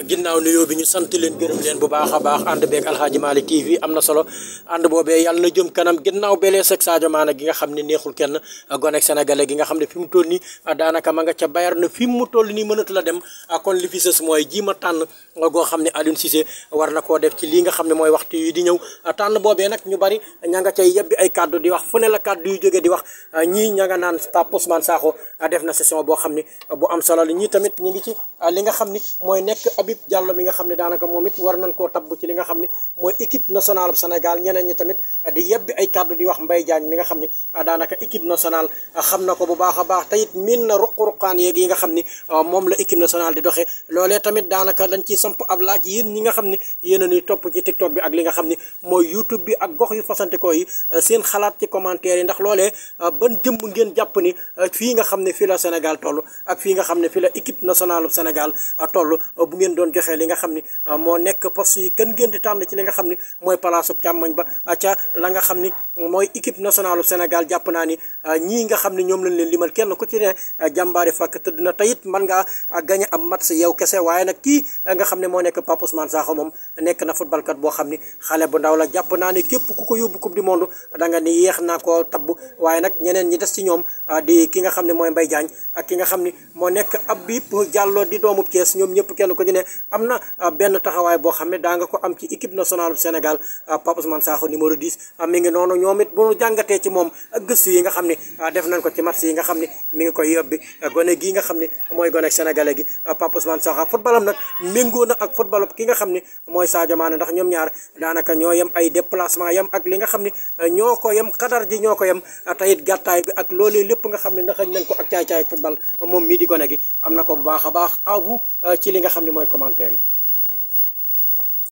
ginnaaw nuyoo bi ñu sant leen gërëm leen bu baax a baax ànd beeg Aladji TV am na solo ànd boobee yàlla na jëm kanam ginnaaw belee seg Sadio Mané gi nga xam ne neexul kenn gonek sénégalais gi nga xam ne fi mu toll nii daanaka ma nga ca Bayern na fi mu toll nii mënatu la dem kon li fi mooy jiima tànn goo xam ne Aliou Cissé war na koo def ci lii nga xam ne mooy waxtu yi di ñëw tànn boobee nag ñu bari ña nga cay yebbi ay kàddu di wax fu ne la kàddu yu di wax ñii ña nga naan Pape Ousmane Sakho def na session boo xam ne am solo la ñii ngi ci li nga xam ni mooy nekk Habib Diallo mi nga xam ne daanaka moom it war nañ koo tabb ci li nga xam ne mooy équipe nationale Sénégal ñeneen ñi tamit di yebbi ay kàddu di wax Mbaye Diagne mi nga xam ne ah, daanaka équipe nationale ah, xam na ko bu baax a baax te it miin na ruq-ruqaan yeeg yi nga xam ne ah, moom la équipe nationale di doxee loolee tamit daanaka dañ ciy samp ab laaj yéen ñi nga xam ne yéen a topp ci TikTok bi ak li nga xam ni mooy YouTube bi ak gox yu fasante ko yi seen xalaat ci commentaire yi ndax loole ban jëmm ngeen jàpp ni fii nga xam ne fii la Sénégal toll ak fii nga xam ne fii la équipe nationale Sénégal toll ngeen doon joxe li nga xam ni ah, moo nekk poste yi kenn ngeen di tànn ci li nga xam ni mooy palaasu càmmoñ ba ah, ca la nga xam ni mooy équipe nationale Sénégal jàpp naa ni ah, ñii nga xam ni ñoom lañ leen limal kenn ku ci ne jàmbaari fàkk tëdd na tayit mën ngaa gañe am match yow kese waaye nag kii nga xam ne moo nekk Pape Ousmane Sakho moom nekk na footballkat boo xam ni xale bu ndaw la jàpp naa ne képp ku ko yóbbu coupe du monde da nga ni yéex naa koo tabb waaye nag ñeneen ñi des ci ñoom di ki nga xam ne mooy Mbaye Diagne ak ki nga xam ni moo nekk Habib Diallo di doomu Thiès ñoom ñëpp kenn ne am na ah, benn taxawaay boo xam ne daa nga ko am ci équipe nationale bu Sénégal ah, Pape Ousmane Sakho numéro 10 ah, mi ngi noonu ñoom it bu ñu jàngatee ci moom ak yi nga xam ni def nañ ko ci match yi nga xam ne mi ngi koy yóbbi gone gii nga xam ne mooy gone sénégalais gi Pape Ousmane Sakho ki nga xam ni mooy Sadio Mané ndax ñoom ñaar daanaka ñoo yem ay déplacement yem ak li nga xam ni ñoo ko yem kadar ji ñoo ko yem tayit gàttaay bi ak loolee lépp nga xam ne ndaxañ nañ ko ak caay-caay football moom mii di gone gi am na commentaire yi